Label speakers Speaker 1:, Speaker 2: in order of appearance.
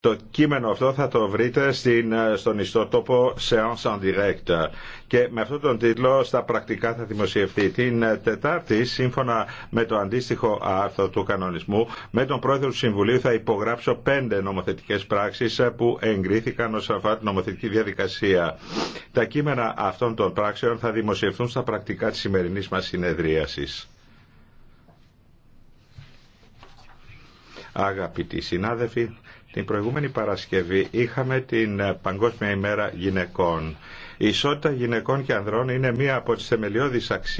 Speaker 1: Το κείμενο αυτό θα το βρείτε στην, ε, στον ιστότοπο Seance en Direct και με αυτόν τον τίτλο στα πρακτικά θα δημοσιευτεί την ε, Τετάρτη σύμφωνα με το αντίστοιχο άρθρο του κανονισμού με τον πρόεδρο του Συμβουλίου θα υπογράψω πέντε νομοθετικές πράξεις ε, που εγκρίθηκαν ως αφορά νομοθετική διαδικασία. Τα κείμενα αυτών των πράξεων θα δημοσιευθούν στα πρακτικά τη σημερινή μα συνεδρίασης. Αγαπητοί συνάδελφοι, την προηγούμενη Παρασκευή είχαμε την ε, Παγκόσμια ημέρα γυναικών. Η ισότητα γυναικών και ανδρών είναι μία από τις θεμελιώδεις αξίες